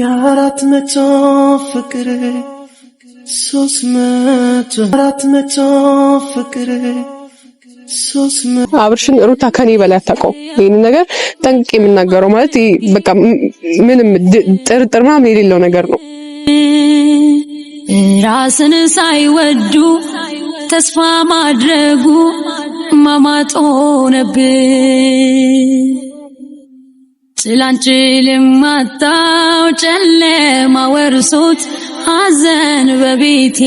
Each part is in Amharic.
የአራት መቶ ፍቅር ሶስት መቶ አራት መቶ ፍቅር አብርሽን ሩታ ከኔ በላይ አታውቀውም። ይህን ነገር ጠንቅቄ የምናገረው ማለት በቃ ምንም ጥርጥር ምናምን የሌለው ነገር ነው። ራስን ሳይወዱ ተስፋ ማድረጉ ማማጦ ነብን ጭላንጭል ማጣው ጨለማ ወርሶት ሐዘን በቤቴ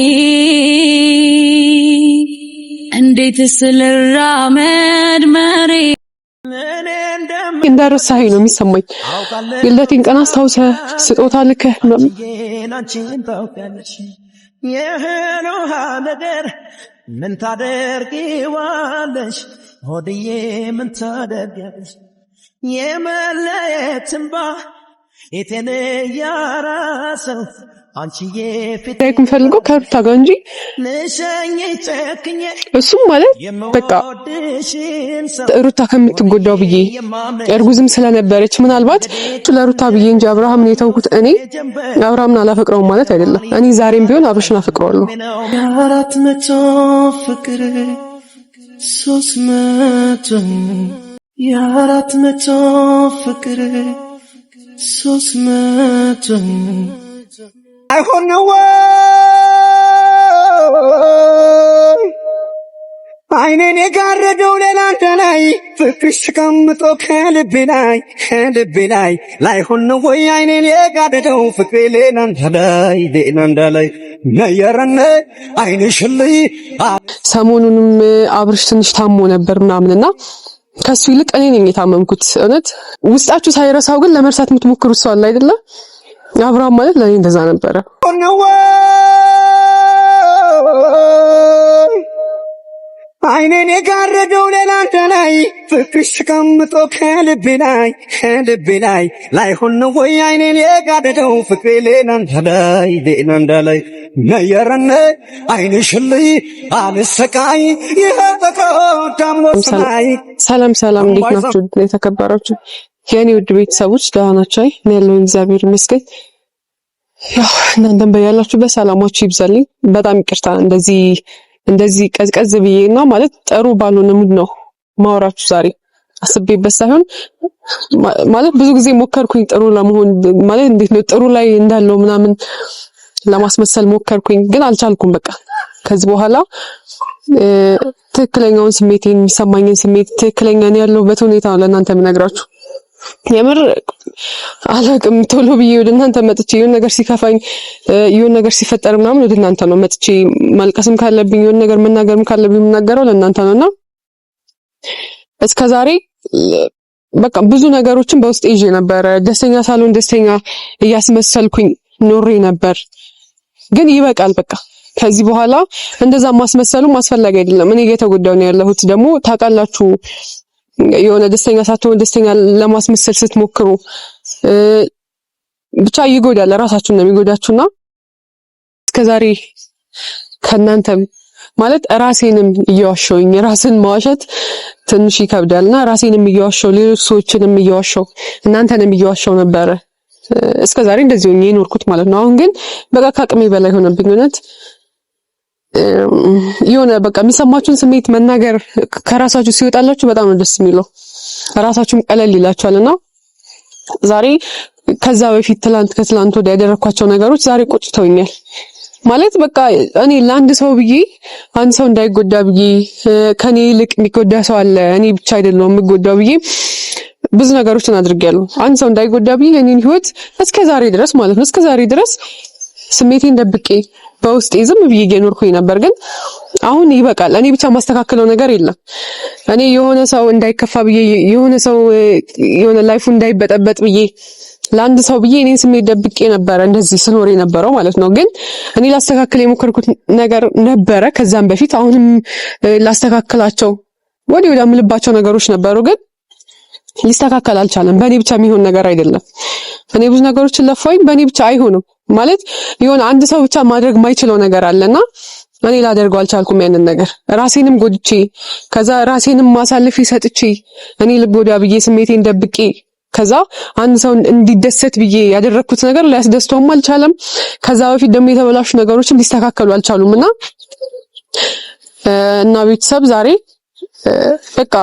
እንዴት ስልራመድ መሬ እንደረሳኸኝ ነው የሚሰማኝ። የልደቴን ቀን አስታውሰህ ስጦታ ልከህ ነገር ምን ታደርጊዋለሽ? ሆድዬ ምን ታደርጊያለሽ? ዳይክ ምፈልገው ከሩታ ጋር እንጂ እሱም ማለት በቃ ሩታ ከምትጎዳው ብዬ እርጉዝም ስለነበረች ምናልባት ለሩታ ብዬ እንጂ አብርሃምን የተውኩት እኔ አብርሃምን አላፈቅረውም ማለት አይደለም። እኔ ዛሬም ቢሆን አብርሽን አፈቅረዋለሁ። አራት መቶ ፍቅር ሶስት መቶ የአራት መቶ ፍቅር ሶስት መቶ አይሆን ነው አይኔን የጋረደው ለላንተ ላይ ፍቅርሽ ተቀምጦ ከልቤ ላይ ከልቤ ላይ ላይሆን ወይ አይኔን የጋረደው ፍቅሬ ሌላንተ ላይ ሌላንተ ላይ ነየረነ አይንሽልይ ሰሞኑንም አብርሽ ትንሽ ታሞ ነበር ምናምንና ከሱ ይልቅ እኔ ነኝ የታመምኩት። እውነት ውስጣችሁ ሳይረሳው ግን ለመርሳት የምትሞክሩ ሰው አለ አይደለ? አብርሃም ማለት ለእኔ እንደዛ ነበረ። አይኔን የጋረደው ሌላ አንተ ላይ ፍቅርሽ ተቀምጦ ከልቤ ላይ ከልቤ ላይ ላይ ሆነ ወይ አይኔን የጋረደው ፍቅሬ ሌላ አንተ ላይ ሌላ አንተ ላይ ነየረነ አይንሽልይ አልሰቃይ ይህ ፍቅር ዳምሎ ሰማይ። ሰላም ሰላም፣ እንዴት ናችሁ የተከበራችሁ የእኔ ውድ ቤተሰቦች? ደህና ናችሁ? እኔ ያለሁኝ እግዚአብሔር ይመስገን። ያው እናንተም በያላችሁ በሰላማችሁ ይብዛልኝ። በጣም ይቅርታ እንደዚህ እንደዚህ ቀዝቀዝ ብዬ ማለት ጥሩ ባልሆነ ሙድ ነው ማውራችሁ ዛሬ አስቤበት ሳይሆን ማለት ብዙ ጊዜ ሞከርኩኝ ጥሩ ለመሆን ማለት እንዴት ነው ጥሩ ላይ እንዳለው ምናምን ለማስመሰል ሞከርኩኝ፣ ግን አልቻልኩም። በቃ ከዚህ በኋላ ትክክለኛውን ስሜት የሚሰማኝን ስሜት ትክክለኛ ያለሁበት ሁኔታ ለእናንተ የምነግራችሁ። የምር አላቅም። ቶሎ ብዬ ወደ እናንተ መጥቼ የሆነ ነገር ሲከፋኝ የሆነ ነገር ሲፈጠር ምናምን ወደ እናንተ ነው መጥቼ ማልቀስም ካለብኝ የሆነ ነገር መናገርም ካለብኝ የምናገረው ለእናንተ ነው እና እስከ ዛሬ በቃ ብዙ ነገሮችን በውስጥ ይዤ ነበረ። ደስተኛ ሳልሆን ደስተኛ እያስመሰልኩኝ ኖሬ ነበር። ግን ይበቃል በቃ ከዚህ በኋላ እንደዛ ማስመሰሉ ማስፈላጊ አይደለም። እኔ እየተጎዳሁ ነው ያለሁት። ደግሞ ታውቃላችሁ የሆነ ደስተኛ ሳትሆን ደስተኛ ለማስመሰል ስትሞክሩ ብቻ ይጎዳል። ራሳችሁን ነው የሚጎዳችሁና እስከዛሬ ከእናንተም ማለት ራሴንም እየዋሸውኝ ራስን ማዋሸት ትንሽ ይከብዳልና ራሴንም እየዋሸው ሌሎች ሰዎችንም እየዋሸው እናንተንም እየዋሸው ነበረ እስከዛሬ እንደዚህ ሆኜ የኖርኩት ማለት ነው። አሁን ግን በቃ ከአቅሜ በላይ ሆነብኝ እውነት የሆነ በቃ የሚሰማችሁን ስሜት መናገር ከራሳችሁ ሲወጣላችሁ በጣም ነው ደስ የሚለው። ራሳችሁም ቀለል ይላችኋል እና ዛሬ ከዛ በፊት ትላንት ከትላንት ወደ ያደረኳቸው ነገሮች ዛሬ ቆጭተውኛል። ማለት በቃ እኔ ለአንድ ሰው ብዬ አንድ ሰው እንዳይጎዳ ብዬ ከኔ ይልቅ የሚጎዳ ሰው አለ፣ እኔ ብቻ አይደለሁም የምጎዳው ብዬ ብዙ ነገሮችን አድርጌያለሁ። አንድ ሰው እንዳይጎዳ ብዬ የኔን ህይወት እስከ ዛሬ ድረስ ማለት ነው እስከ ዛሬ ድረስ ስሜቴን ደብቄ በውስጤ ዝም ብዬ እየኖርኩኝ ነበር፣ ግን አሁን ይበቃል። እኔ ብቻ ማስተካከለው ነገር የለም። እኔ የሆነ ሰው እንዳይከፋ ብዬ የሆነ ሰው የሆነ ላይፉ እንዳይበጠበጥ ብዬ ለአንድ ሰው ብዬ እኔን ስሜት ደብቄ ነበረ እንደዚህ ስኖር የነበረው ማለት ነው። ግን እኔ ላስተካክል የሞከርኩት ነገር ነበረ ከዛም በፊት አሁንም ላስተካክላቸው ወዲህ ወዲያ የምልባቸው ነገሮች ነበሩ፣ ግን ሊስተካከል አልቻለም። በእኔ ብቻ የሚሆን ነገር አይደለም። እኔ ብዙ ነገሮችን ለፋኝ፣ በእኔ ብቻ አይሆንም። ማለት የሆነ አንድ ሰው ብቻ ማድረግ የማይችለው ነገር አለና እኔ ላደርገው አልቻልኩም ያንን ነገር ራሴንም ጎድቼ ከዛ ራሴንም ማሳልፍ ሰጥቼ እኔ ልብ ብዬ ስሜቴን ደብቄ ከዛ አንድ ሰው እንዲደሰት ብዬ ያደረግኩት ነገር ሊያስደስተውም አልቻለም። ከዛ በፊት ደግሞ የተበላሹ ነገሮችም ሊስተካከሉ አልቻሉም እና እና ቤተሰብ ዛሬ በቃ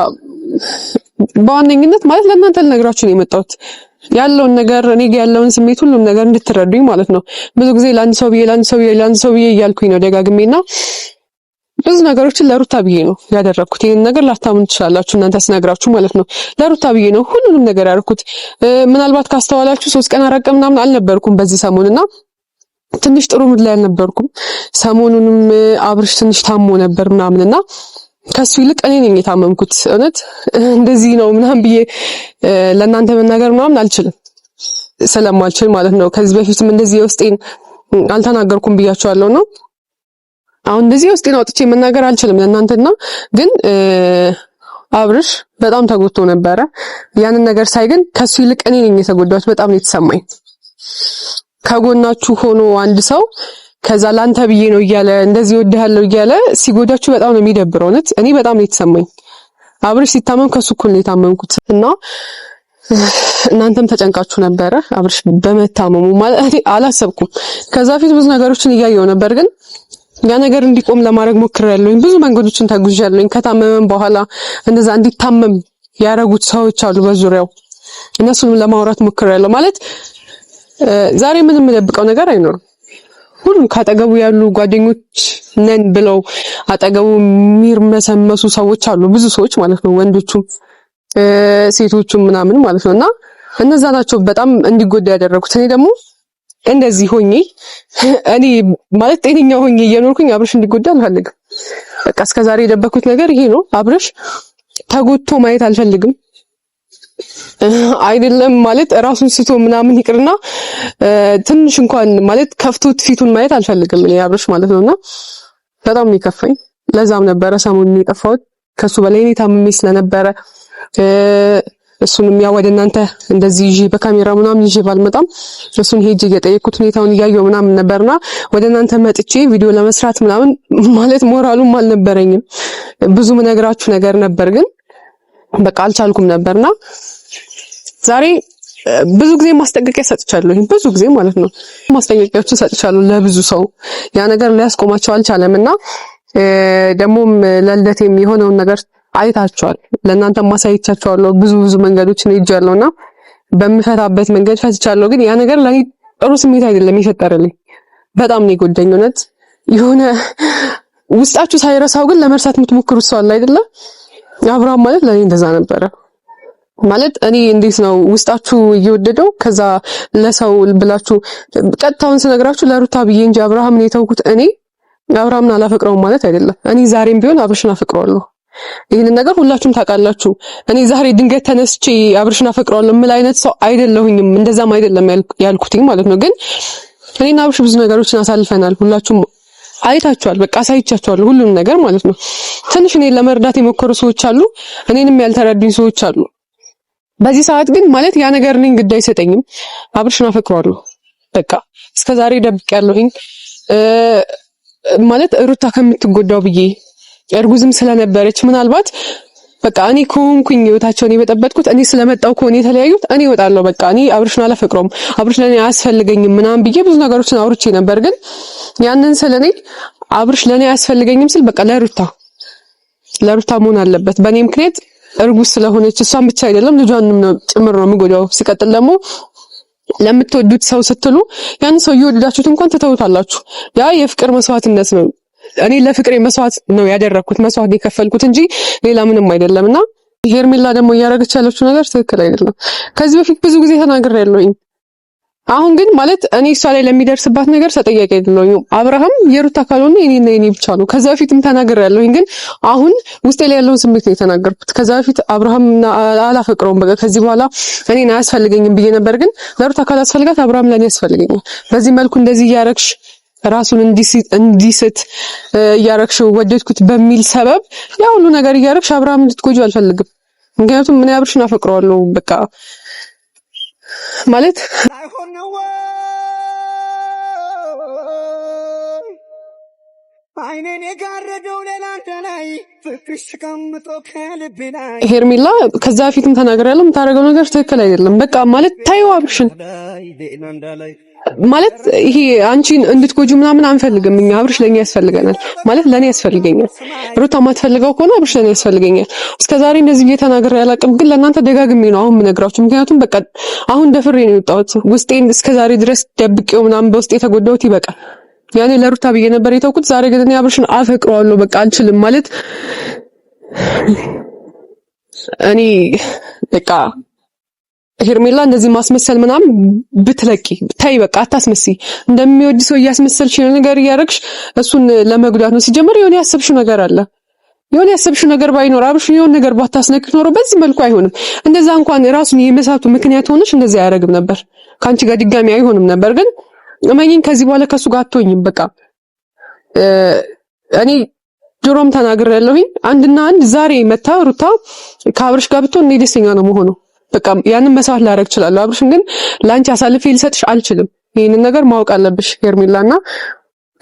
በዋነኝነት ማለት ለእናንተ ልነግራችሁ ነው የመጣሁት። ያለውን ነገር እኔ ጋር ያለውን ስሜት ሁሉም ነገር እንድትረዱኝ ማለት ነው። ብዙ ጊዜ ለአንድ ሰው ብዬ ለአንድ ሰው ብዬ ለአንድ ሰው ብዬ እያልኩኝ ነው ደጋግሜና ብዙ ነገሮችን ለሩታ ብዬ ነው ያደረግኩት። ይህን ነገር ላታምን ትችላላችሁ እናንተ ስነግራችሁ ማለት ነው። ለሩታ ብዬ ነው ሁሉንም ነገር ያደርኩት። ምናልባት ካስተዋላችሁ ሶስት ቀን አረቀ ምናምን አልነበርኩም በዚህ ሰሞን እና ትንሽ ጥሩ ምድ ላይ አልነበርኩም። ሰሞኑንም አብርሽ ትንሽ ታሞ ነበር ምናምን እና ከሱ ይልቅ እኔ ነኝ የታመምኩት። እውነት እንደዚህ ነው ምናምን ብዬ ለእናንተ መናገር ምናምን አልችልም ስለማልችል ማለት ነው። ከዚህ በፊትም እንደዚህ የውስጤን አልተናገርኩም ብያቸዋለሁ ነው። አሁን እንደዚህ የውስጤን አውጥቼ መናገር አልችልም ለእናንተና ግን አብርሽ በጣም ተጎድቶ ነበረ። ያንን ነገር ሳይ ግን ከሱ ይልቅ እኔ ነኝ የተጎዳሁት። በጣም ነው የተሰማኝ። ከጎናችሁ ሆኖ አንድ ሰው ከዛ ላንተ ብዬ ነው እያለ እንደዚህ ወድሃለሁ እያለ ሲጎዳችሁ በጣም ነው የሚደብረው። እውነት እኔ በጣም ነው የተሰማኝ። አብርሽ ሲታመም ከሱ እኩል ነው የታመምኩት እና እናንተም ተጨንቃችሁ ነበረ አብርሽ በመታመሙ ማለት አላሰብኩም። ከዛ ፊት ብዙ ነገሮችን እያየው ነበር፣ ግን ያ ነገር እንዲቆም ለማድረግ ሞክሬያለሁኝ። ብዙ መንገዶችን ተጉዣለሁኝ። ከታመመም በኋላ እንደዛ እንዲታመም ያደረጉት ሰዎች አሉ በዙሪያው፣ እነሱንም ለማውራት ሞክሬያለሁ። ማለት ዛሬ ምንም የምደብቀው ነገር አይኖርም። ሁሉም ከአጠገቡ ያሉ ጓደኞች ነን ብለው አጠገቡ የሚርመሰመሱ ሰዎች አሉ። ብዙ ሰዎች ማለት ነው፣ ወንዶቹም ሴቶቹም ምናምን ማለት ነው። እና እነዛ ናቸው በጣም እንዲጎዳ ያደረጉት። እኔ ደግሞ እንደዚህ ሆኜ እኔ ማለት ጤነኛ ሆኜ እየኖርኩኝ አብረሽ እንዲጎዳ አልፈልግም። በቃ እስከዛሬ የደበኩት ነገር ይሄ ነው። አብረሽ ተጎድቶ ማየት አልፈልግም። አይደለም ማለት ራሱን ስቶ ምናምን ይቅርና ትንሽ እንኳን ማለት ከፍቶት ፊቱን ማየት አልፈልግም እኔ አብርሽ ማለት ነውና በጣም የሚከፋኝ ለዛም ነበረ ሰሞኑን የጠፋሁት ከሱ በላይ እኔ ታምሜ ስለነበረ እሱንም ያው ወደ እናንተ እንደዚህ ይዤ በካሜራ ምናምን ይዤ ባልመጣም እሱን ሄጄ የጠየቅኩት ሁኔታውን እያየው ምናምን ነበርና ወደ እናንተ መጥቼ ቪዲዮ ለመስራት ምናምን ማለት ሞራሉም አልነበረኝም። ብዙ ምነግራችሁ ነገር ነበር ግን በቃ አልቻልኩም ነበርና ዛሬ ብዙ ጊዜ ማስጠንቀቂያ ሰጥቻለሁ። ብዙ ጊዜ ማለት ነው ማስጠንቀቂያዎችን ሰጥቻለሁ ለብዙ ሰው። ያ ነገር ሊያስቆማቸው አልቻለም እና ደግሞም ለልደቴም ነገር አይታችኋል። ለእናንተ ማሳይቻችኋለሁ። ብዙ ብዙ መንገዶችን ሄጃለሁ እና በምፈታበት መንገድ ፈትቻለሁ። ግን ያ ነገር ለእኔ ጥሩ ስሜት አይደለም የፈጠረልኝ። በጣም ነው የጎዳኝ። እውነት የሆነ ውስጣችሁ ሳይረሳው ግን ለመርሳት የምትሞክሩ ሰው አለ አይደለ? አብርሃም ማለት ለእኔ እንደዛ ነበረ። ማለት እኔ እንዴት ነው ውስጣችሁ እየወደደው ከዛ ለሰው ብላችሁ ቀጥታውን ስነግራችሁ ለሩታ ብዬ እንጂ አብርሃምን የተውኩት እኔ አብርሃምን አላፈቅረውም ማለት አይደለም። እኔ ዛሬም ቢሆን አብርሽን አፈቅረዋለሁ። ይህንን ነገር ሁላችሁም ታውቃላችሁ። እኔ ዛሬ ድንገት ተነስቼ አብርሽን አፈቅረዋለሁ ምን አይነት ሰው አይደለሁኝም። እንደዛም አይደለም ያልኩትኝ ማለት ነው። ግን እኔና አብርሽ ብዙ ነገሮችን አሳልፈናል። ሁላችሁም አይታችኋል። በቃ አሳይቻችኋል ሁሉንም ነገር ማለት ነው። ትንሽ እኔን ለመርዳት የሞከሩ ሰዎች አሉ፣ እኔንም ያልተረዱኝ ሰዎች አሉ። በዚህ ሰዓት ግን ማለት ያ ነገር እኔን ግድ አይሰጠኝም። አብርሽን አፈቅረዋለሁ። በቃ እስከ ዛሬ ደብቅ ያለሁኝ ማለት ሩታ ከምትጎዳው ብዬ እርጉዝም ስለነበረች ምናልባት በቃ እኔ ከሆንኩኝ ህይወታቸውን የበጠበጥኩት እኔ ስለመጣው ከሆነ የተለያዩት እኔ እወጣለሁ፣ በቃ እኔ አብርሽን አላፈቅረውም፣ አብርሽ ለእኔ አያስፈልገኝም ምናምን ብዬ ብዙ ነገሮችን አውርቼ ነበር። ግን ያንን ስለ እኔ አብርሽ ለእኔ አያስፈልገኝም ስል በቃ ለሩታ ለሩታ መሆን አለበት በእኔ ምክንያት እርጉዝ ስለሆነች እሷን ብቻ አይደለም ልጇንም ጭምር ነው የምጎዳው። ሲቀጥል ደግሞ ለምትወዱት ሰው ስትሉ ያን ሰው እየወደዳችሁት እንኳን ትተውታላችሁ። ያ የፍቅር መስዋዕትነት ነው። እኔ ለፍቅሬ መስዋዕት ነው ያደረግኩት መስዋዕት የከፈልኩት እንጂ ሌላ ምንም አይደለም። እና ሄርሜላ ደግሞ እያደረገች ያለችው ነገር ትክክል አይደለም። ከዚህ በፊት ብዙ ጊዜ ያለውኝ አሁን ግን ማለት እኔ እሷ ላይ ለሚደርስባት ነገር ተጠያቂ አይደለሁም። አብርሃም የሩታ ካልሆነ እኔና እኔ ብቻ ነው። ከዛ በፊትም ተናግሬያለሁኝ፣ ግን አሁን ውስጤ ላይ ያለውን ስሜት ነው የተናገርኩት። ከዛ በፊት አብርሃም አላፈቅረውም፣ በቃ ከዚህ በኋላ እኔን አያስፈልገኝም ብዬ ነበር። ግን ለሩታ ካላስፈልጋት አብርሃም ለእኔ ያስፈልገኛል። በዚህ መልኩ እንደዚህ እያረግሽ ራሱን እንዲስት እያረግሽው ወደድኩት በሚል ሰበብ ያ ሁሉ ነገር እያረግሽ አብርሃም እንድትጎጂው አልፈልግም። ምክንያቱም ምን አብርሽን አፈቅረዋለሁ በቃ ማለት አይሆን ነው አይኔን የጋረደው ሌላ አንተ ላይ ፍቅርሽ ተቀምጦ ከልቤ ላይ ሄርሜላ፣ ከዛ በፊትም ተናግሬያለሁ። የምታደርገው ነገር ትክክል አይደለም። በቃ ማለት ታዩ አብርሽን ማለት ይሄ አንቺን እንድትጎጁ ምናምን አንፈልግም። እኛ አብርሽ ለእኛ ያስፈልገናል ማለት ለእኔ ያስፈልገኛል። ሩታ የማትፈልገው ከሆነ አብርሽ ለእኔ ያስፈልገኛል። እስከዛሬ እንደዚህ ብዬ ተናግሬ አላውቅም፣ ግን ለእናንተ ደጋግሜ ነው አሁን የምነግራችሁ። ምክንያቱም በቃ አሁን ደፍሬ ነው የወጣሁት። ውስጤን እስከዛሬ ድረስ ደብቄው ምናምን በውስጤ የተጎዳሁት ይበቃል። ያኔ ለሩታ ብዬ ነበር የተውኩት። ዛሬ ግን እኔ አብርሽን አፈቅረዋለሁ። በቃ አልችልም ማለት እኔ በቃ ሄርሜላ እንደዚህ ማስመሰል ምናምን ብትለቂ ታይ፣ በቃ አታስመስይ። እንደሚወድ ሰው እያስመሰልሽ ነገር እያደረግሽ እሱን ለመጉዳት ነው። ሲጀምር የሆነ ያሰብሽው ነገር አለ። የሆነ ያሰብሽው ነገር ባይኖር አብሽ የሆነ ነገር ባታስነክ ኖሮ በዚህ መልኩ አይሆንም። እንደዛ እንኳን ራሱን የመሳቱ ምክንያት ሆነሽ እንደዚህ አያደርግም ነበር። ከአንቺ ጋር ድጋሚ አይሆንም ነበር። ግን እመኝን ከዚህ በኋላ ከእሱ ጋር አትሆኝም። በቃ እኔ ድሮም ተናግሬያለሁኝ። አንድና አንድ ዛሬ መታ ሩታ ከአብርሽ ጋር ብትሆን እኔ ደስተኛ ነው መሆነው በቃ ያንን መስዋዕት ላደርግ እችላለሁ። አብርሽን ግን ለአንቺ አሳልፌ ልሰጥሽ አልችልም። ይህንን ነገር ማወቅ አለብሽ ሄርሜላ። እና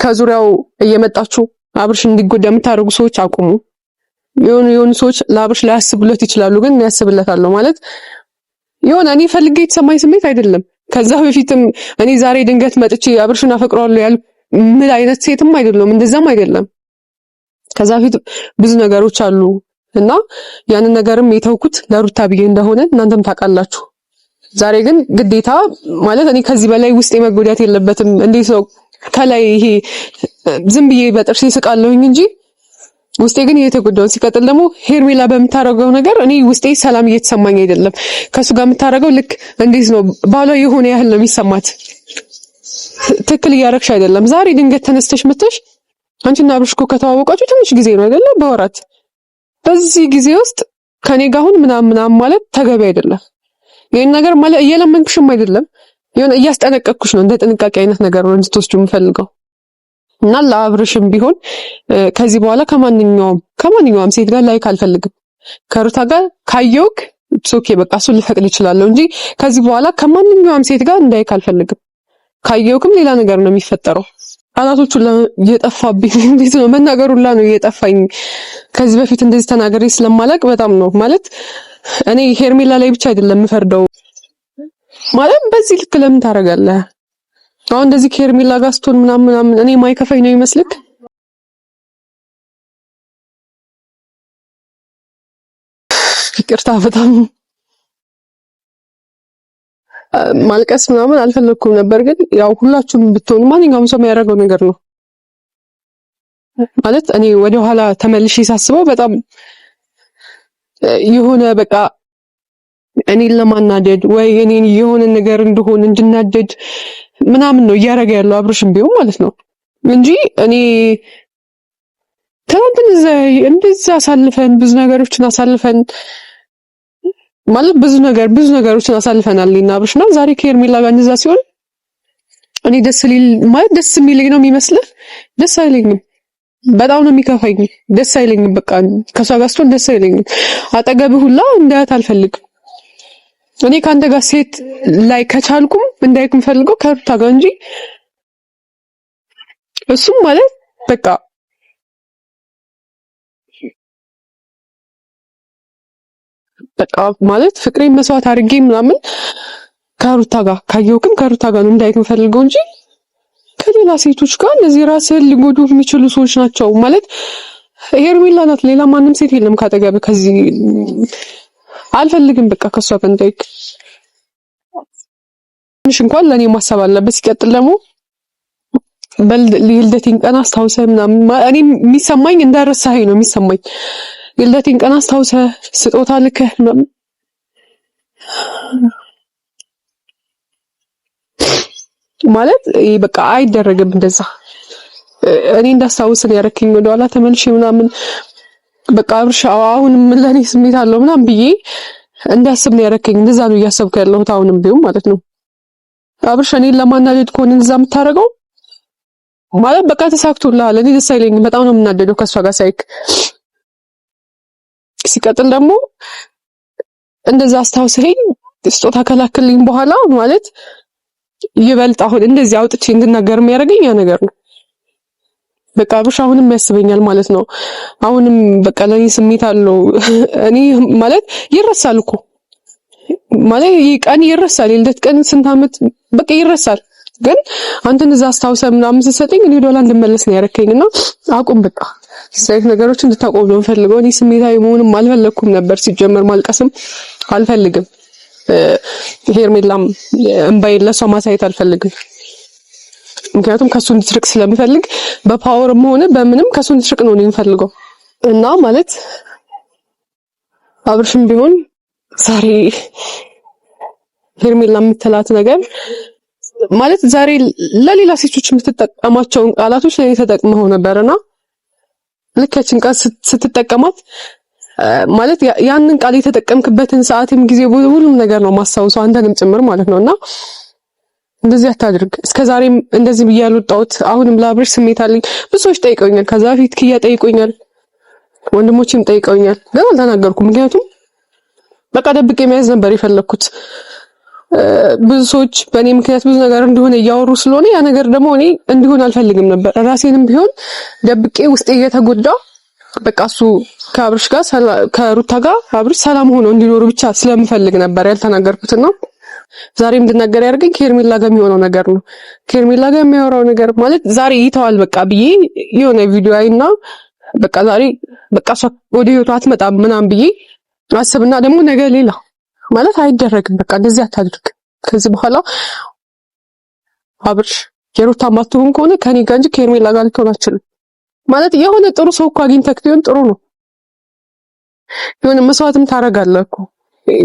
ከዙሪያው እየመጣችሁ አብርሽ እንዲጎዳ የምታደርጉ ሰዎች አቁሙ። የሆኑ የሆኑ ሰዎች ለአብርሽ ላያስቡለት ይችላሉ፣ ግን ያስብለታለሁ ማለት የሆነ እኔ ፈልጌ የተሰማኝ ስሜት አይደለም። ከዛ በፊትም እኔ ዛሬ ድንገት መጥቼ አብርሽን አፈቅረዋለሁ ያል ምን አይነት ሴትም አይደለም፣ እንደዛም አይደለም። ከዛ በፊት ብዙ ነገሮች አሉ እና ያንን ነገርም የተውኩት ለሩታ ብዬ እንደሆነ እናንተም ታውቃላችሁ። ዛሬ ግን ግዴታ ማለት እኔ ከዚህ በላይ ውስጤ መጎዳት የለበትም። እንዴት ነው ከላይ ይሄ ዝም ብዬ በጥርሴ ስቃለሁኝ እንጂ ውስጤ ግን እየተጎዳውን። ሲቀጥል ደግሞ ሄርሜላ በምታደርገው ነገር እኔ ውስጤ ሰላም እየተሰማኝ አይደለም። ከእሱ ጋር የምታደርገው ልክ እንዴት ነው ባሏ የሆነ ያህል ነው የሚሰማት። ትክክል እያደረግሽ አይደለም። ዛሬ ድንገት ተነስተሽ መተሽ አንቺና አብርሽ እኮ ከተዋወቃችሁ ትንሽ ጊዜ ነው አይደለ? በወራት በዚህ ጊዜ ውስጥ ከኔ ጋር አሁን ምናምን ምናምን ማለት ተገቢ አይደለም። ይህን ነገር ማለት እየለመንኩሽም አይደለም፣ የሆነ እያስጠነቀቅኩሽ ነው። እንደ ጥንቃቄ አይነት ነገር ነው እንድትወስዱ የምፈልገው እና ለአብርሽም ቢሆን ከዚህ በኋላ ከማንኛውም ከማንኛውም ሴት ጋር ላይክ አልፈልግም። ከሩታ ጋር ካየውክ ኦኬ በቃ እሱ ልፈቅድ ይችላለሁ እንጂ ከዚህ በኋላ ከማንኛውም ሴት ጋር እንዳይክ አልፈልግም። ካየውክም ሌላ ነገር ነው የሚፈጠረው። ቃላቶቹ እየጠፋብኝ እንዴት ነው መናገሩ ላ ነው እየጠፋኝ። ከዚህ በፊት እንደዚህ ተናገሬ ስለማላቅ በጣም ነው ማለት እኔ ሄርሜላ ላይ ብቻ አይደለም የምፈርደው። ማለት በዚህ ልክ ለምን ታደርጋለህ? አሁን እንደዚህ ከሄርሜላ ጋር ስትሆን ምናምን ምናምን እኔ ማይከፋኝ ነው ይመስልክ? ይቅርታ በጣም ማልቀስ ምናምን አልፈለግኩም ነበር፣ ግን ያው ሁላችሁም ብትሆኑ ማንኛውም ሰው የሚያደርገው ነገር ነው ማለት እኔ ወደኋላ ተመልሼ ሳስበው በጣም የሆነ በቃ እኔን ለማናደድ ወይ እኔን የሆነ ነገር እንድሆን እንድናደድ ምናምን ነው እያደረገ ያለው አብርሽም ቢሆን ማለት ነው እንጂ እኔ ትናንትን እንደዛ አሳልፈን ብዙ ነገሮችን አሳልፈን ማለት ብዙ ነገር ብዙ ነገሮችን አሳልፈናል እኔና አብርሽ ነው። ዛሬ ከሄርሜላ ጋር እንደዛ ሲሆን እኔ ደስ ሊል ማለት ደስ የሚለኝ ነው የሚመስልህ? ደስ አይለኝም። በጣም ነው የሚከፋኝ። ደስ አይለኝም። በቃ ከሷ ጋር ስትሆን ደስ አይለኝም። አጠገብህ ሁላ እንዳያት አልፈልግም። እኔ ከአንተ ጋር ሴት ላይ ከቻልኩም እንዳይክ ፈልገው ከሩታ ጋር እንጂ እሱም ማለት በቃ በቃ ማለት ፍቅሬን መስዋዕት አድርጌ ምናምን ከሩታ ጋር ካየው ግን ከሩታ ጋር ነው እንዳይክ የምፈልገው እንጂ ከሌላ ሴቶች ጋር እነዚህ ራስህን ሊጎዱ የሚችሉ ሰዎች ናቸው። ማለት ሄርሜላ ናት፣ ሌላ ማንም ሴት የለም ካጠገብ። ከዚህ አልፈልግም፣ በቃ ከሷ ጋር እንዳይክ ትንሽ እንኳን ለእኔ ማሰብ አለበት። ሲቀጥል ደግሞ የልደቴን ቀን አስታውሰህ ምናምን እኔ የሚሰማኝ እንዳረሳኸኝ ነው የሚሰማኝ የልደቴን ቀን አስታውሰ ስጦታ ልከ ማለት በቃ አይደረግም። እንደዛ እኔ እንዳስታውስን ያረክኝ ወደኋላ ተመልሼ ምናምን በቃ አብርሽ አሁንም ለእኔ ስሜት አለው ምናምን ብዬ እንዳስብ ነው ያረክኝ። እንደዛ ነው እያሰብኩ ያለሁት አሁንም ቢሆን ማለት ነው። አብርሽ እኔን ለማናደድ ከሆነ እንደዛ የምታደርገው ማለት በቃ ተሳክቶልሃል። እኔ ደስ አይለኝም። በጣም ነው የምናደደው ከእሷ ጋር ሳይክ ሲቀጥል ደግሞ እንደዛ አስታውሰኝ ስጦታ ከላክልኝ በኋላ ማለት ይበልጥ አሁን እንደዚህ አውጥቼ እንድናገር የሚያደርገኝ ያ ነገር ነው። በቃ አብርሽ አሁንም ያስበኛል ማለት ነው። አሁንም በቃ ለኔ ስሜት አለው። እኔ ማለት ይረሳል እኮ ማለት ይህ ቀን ይረሳል። የልደት ቀን ስንት ዓመት በቃ ይረሳል። ግን አንተን እዛ አስታውሰ ምናምን ስትሰጠኝ እኔ ወደኋላ እንድመለስ ነው ያደረከኝ እና አቁም በቃ ሴት ነገሮች እንድታቆሙ ነው የምፈልገው። እኔ ስሜታዊ መሆንም አልፈለግኩም ነበር። ሲጀመር ማልቀስም አልፈልግም። ሄርሜላም እንባዬን ለሷ ማሳየት አልፈልግም። ምክንያቱም ከሱ እንድትርቅ ስለሚፈልግ በፓወርም ሆነ በምንም ከሱ እንድትርቅ ነው የምፈልገው እና ማለት አብርሽም ቢሆን ዛሬ ሄርሜላ የምትላት ነገር ማለት ዛሬ ለሌላ ሴቶች የምትጠቀማቸውን ቃላቶች ለኔ ተጠቅመው ና። ልክ ያችን ቃል ስትጠቀማት ማለት ያንን ቃል የተጠቀምክበትን ሰዓትም ጊዜ ሁሉም ነገር ነው ማስታውሰው አንተንም ጭምር ማለት ነው እና እንደዚህ አታድርግ። እስከ ዛሬም እንደዚህ ብዬ ያልወጣሁት አሁንም ለአብርሽ ስሜት አለኝ። ብዙዎች ጠይቀውኛል። ከዛ በፊት ክያ ጠይቆኛል፣ ወንድሞችም ጠይቀውኛል። ግን አልተናገርኩም። ምክንያቱም በቃ ደብቄ መያዝ ነበር የፈለግኩት። ብዙ ሰዎች በእኔ ምክንያት ብዙ ነገር እንዲሆነ እያወሩ ስለሆነ ያ ነገር ደግሞ እኔ እንዲሆን አልፈልግም ነበር። ራሴንም ቢሆን ደብቄ ውስጤ እየተጎዳ በቃ እሱ ከአብርሽ ጋር ከሩታ ጋር አብርሽ ሰላም ሆኖ እንዲኖሩ ብቻ ስለምፈልግ ነበር ያልተናገርኩትን ነው። ዛሬ እንድናገር ያደርገኝ ከሄርሜላ ጋር የሚሆነው ነገር ነው። ከሄርሜላ ጋር የሚያወራው ነገር ማለት ዛሬ ይተዋል በቃ ብዬ የሆነ ቪዲዮ አይና በቃ ዛሬ በቃ ወደ ህይወቷ አትመጣም ምናምን ብዬ አስብና ደግሞ ነገ ሌላ ማለት አይደረግም። በቃ እንደዚህ አታድርግ ከዚህ በኋላ አብርሽ የሩታ ማትሆን ከሆነ ከኔ ጋር እንጂ ከሄርሜላ ጋር ልትሆን ማለት የሆነ ጥሩ ሰው እኮ አግኝተህ ቢሆን ጥሩ ነው። የሆነ መስዋዕትም ታደርጋለህ እኮ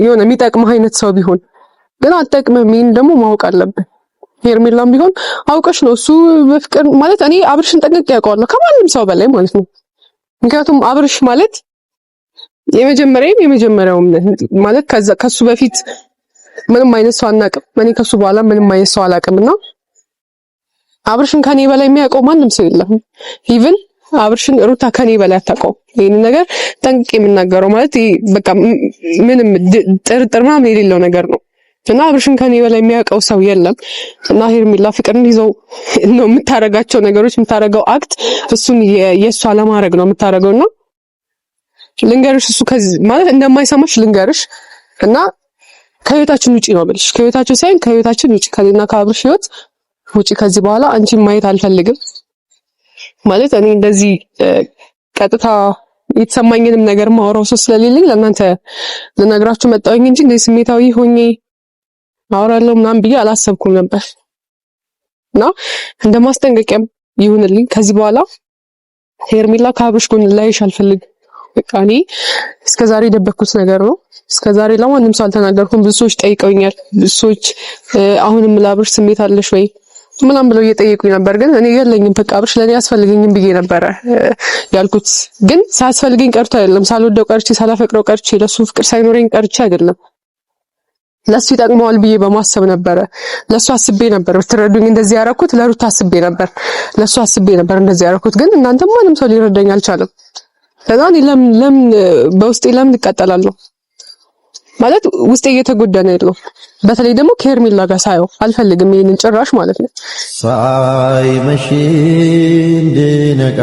የሆነ የሚጠቅምህ አይነት ሰው ቢሆን ግን አትጠቅምም። ይሄን ደግሞ ማወቅ አለብን። ሄርሜላም ቢሆን አውቀሽ ነው እሱ በፍቅር ማለት እኔ አብርሽን ጠንቅቄ ያውቀዋለሁ ከማንም ሰው በላይ ማለት ነው። ምክንያቱም አብርሽ ማለት የመጀመሪያም እምነት ማለት ከሱ በፊት ምንም አይነት ሰው አናቅም። እኔ ከሱ በኋላ ምንም አይነት ሰው አላቅም እና አብርሽን ከኔ በላይ የሚያውቀው ማንም ሰው የለም። ኢቭን አብርሽን ሩታ ከኔ በላይ አታውቀውም። ይህን ነገር ጠንቅቄ የምናገረው ማለት በቃ ምንም ጥርጥር ምናምን የሌለው ነገር ነው እና አብርሽን ከኔ በላይ የሚያውቀው ሰው የለም እና ሄርሜላ ፍቅርን ይዘው ነው የምታረጋቸው ነገሮች የምታረገው አክት እሱን የእሷ ለማድረግ ነው የምታረገው እና ልንገርሽ፣ እሱ ማለት እንደማይሰማሽ ልንገርሽ እና ከህይወታችን ውጪ ነው ብልሽ፣ ከህይወታችን ሳይሆን ከህይወታችን ውጪ ከኔና ከአብርሽ ህይወት ውጪ። ከዚህ በኋላ አንቺን ማየት አልፈልግም። ማለት እኔ እንደዚህ ቀጥታ የተሰማኝንም ነገር ማውራው ሰው ስለሌለኝ ለእናንተ ልነግራችሁ መጣሁኝ እንጂ እንደዚህ ስሜታዊ ሆኜ አውራለሁ ምናምን ብዬ አላሰብኩም ነበር እና እንደ ማስጠንቀቂያም ይሁንልኝ ከዚህ በኋላ ሄርሜላ ከአብርሽ ጎን ላይሽ አልፈልግም። በቃ እኔ እስከዛሬ የደበኩት ነገር ነው። እስከዛሬ ለማንም ሰው አልተናገርኩም። ብዙ ሰዎች ጠይቀውኛል። ብዙ ሰዎች አሁንም ለአብርሽ ስሜት አለሽ ወይ ምናም ብለው እየጠየቁኝ ነበር። ግን እኔ የለኝም በቃ አብርሽ ለእኔ አስፈልገኝም ብዬ ነበረ ያልኩት። ግን ሳያስፈልገኝ ቀርቶ አይደለም፣ ሳልወደው ቀርቼ፣ ሳላፈቅረው ቀርቼ፣ ለሱ ፍቅር ሳይኖረኝ ቀርቼ አይደለም ለሱ ይጠቅመዋል ብዬ በማሰብ ነበረ። ለሱ አስቤ ነበር ብትረዱኝ እንደዚህ ያረኩት። ለሩት አስቤ ነበር፣ ለሱ አስቤ ነበር እንደዚህ ያረኩት። ግን እናንተ ማንም ሰው ሊረዳኝ አልቻለም። ከዛ እኔ ለምን ለምን በውስጤ ለምን እቃጠላለሁ? ማለት ውስጤ እየተጎዳ ነው ያለው። በተለይ ደግሞ ከሄርሜላ ጋር ሳየው አልፈልግም ይሄንን ጭራሽ ማለት ነው። ሳይመሽ እንድነቃ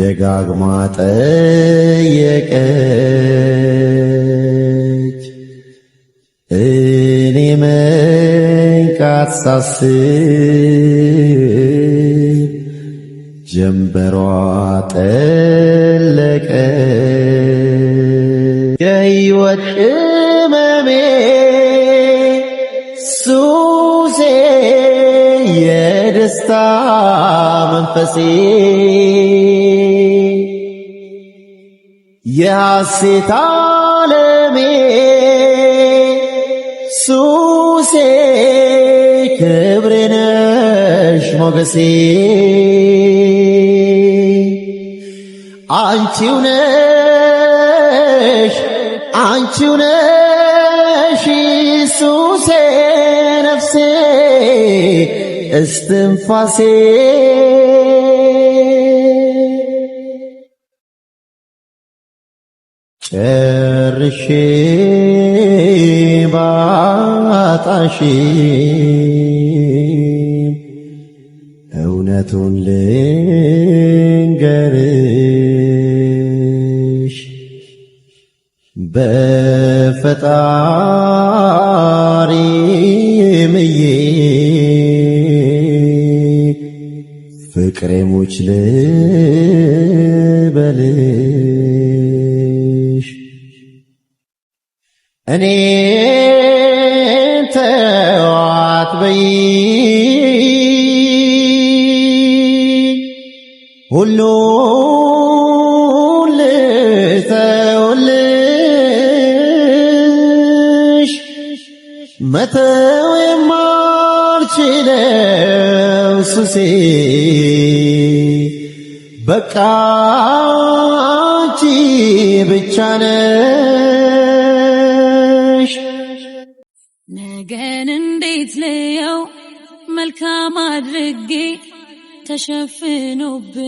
ደጋግማ ጠየቀች። እኔ መንቃት ሳስብ ጀንበሯ ጠለቀ የሕይወት ቅመሜ ሱሴ የደስታ መንፈሴ የሐሴት ዓለሜ ሱሴ ሞገሴ አንቺው ነሽ አንቺው ነሽ ኢየሱሴ ነፍሴ እስትንፋሴ ጨርሼ ባጣሽ እውነቱን ልንገርሽ በፈጣሪ ምዬ ፍቅሬ ሙች ሁሉ ልተውልሽ መተው የማልችለው ሱሴ በቃ አንቺ ብቻ ነሽ። ነገን እንዴት ልየው መልካም አድርጌ ተሸፍኖብን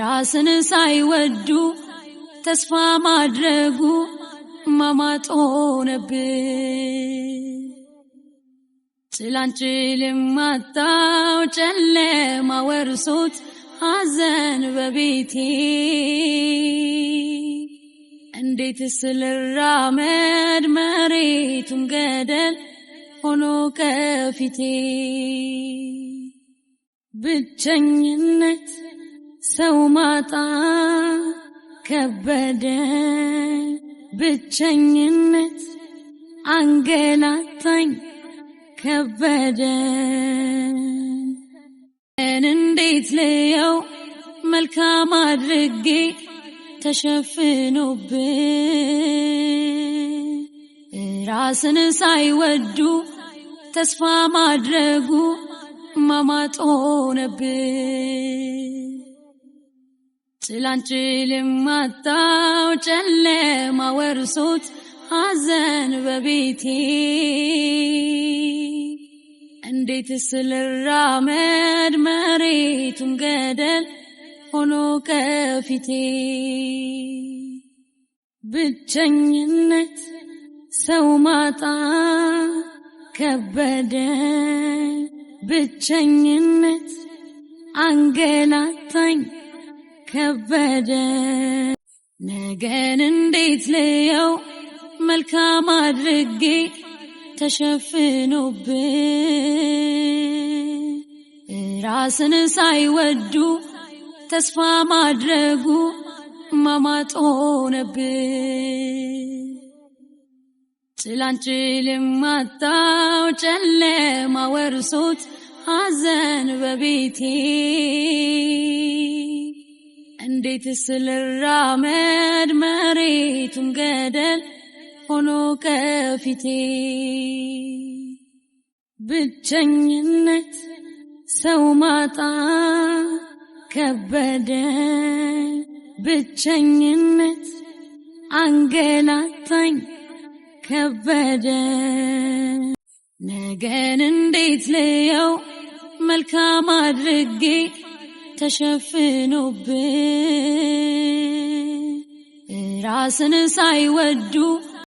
ራስን ሳይወዱ ተስፋ ማድረጉ ማማጥ ሆነብን። ጭላንጭልም ማጣው ጨለማ ወርሶት ሐዘን በቤቴ እንዴት ስልራመድ መሬቱን ገደል ሆኖ ከፊቴ ብቸኝነት ሰው ማጣ ከበደ ብቸኝነት አንገላታኝ ከበደ እንዴት ልየው መልካም አድርጌ ተሸፍኖብኝ ራስን ሳይወዱ ተስፋ ማድረጉ ማማጥ ሆነብን። ጭላንጭል ማጣው ጨለማ ወርሶት ሐዘን በቤቴ እንዴት ስልራመድ መሬቱን ገደል ሆኖ ከፊቴ ብቸኝነት ሰው ማጣ ከበደ ብቸኝነት አንገላታኝ ከበደ ነገን እንዴት ልየው መልካም አድርጌ ተሸፍኖብን ራስን ሳይወዱ ተስፋ ማድረጉ ማማጥ ሆነብን። ጭላንጭል ማጣው ጨለማ ወርሶት ሐዘን በቤቴ እንዴት ስልራመድ መሬቱን ገደል ሆኖ ከፊቴ ብቸኝነት ሰው ማጣ ከበደ ብቸኝነት አንገላታኝ ከበደ ነገን እንዴት ለየው መልካም አድርጌ ተሸፍኖብን ራስን ሳይወዱ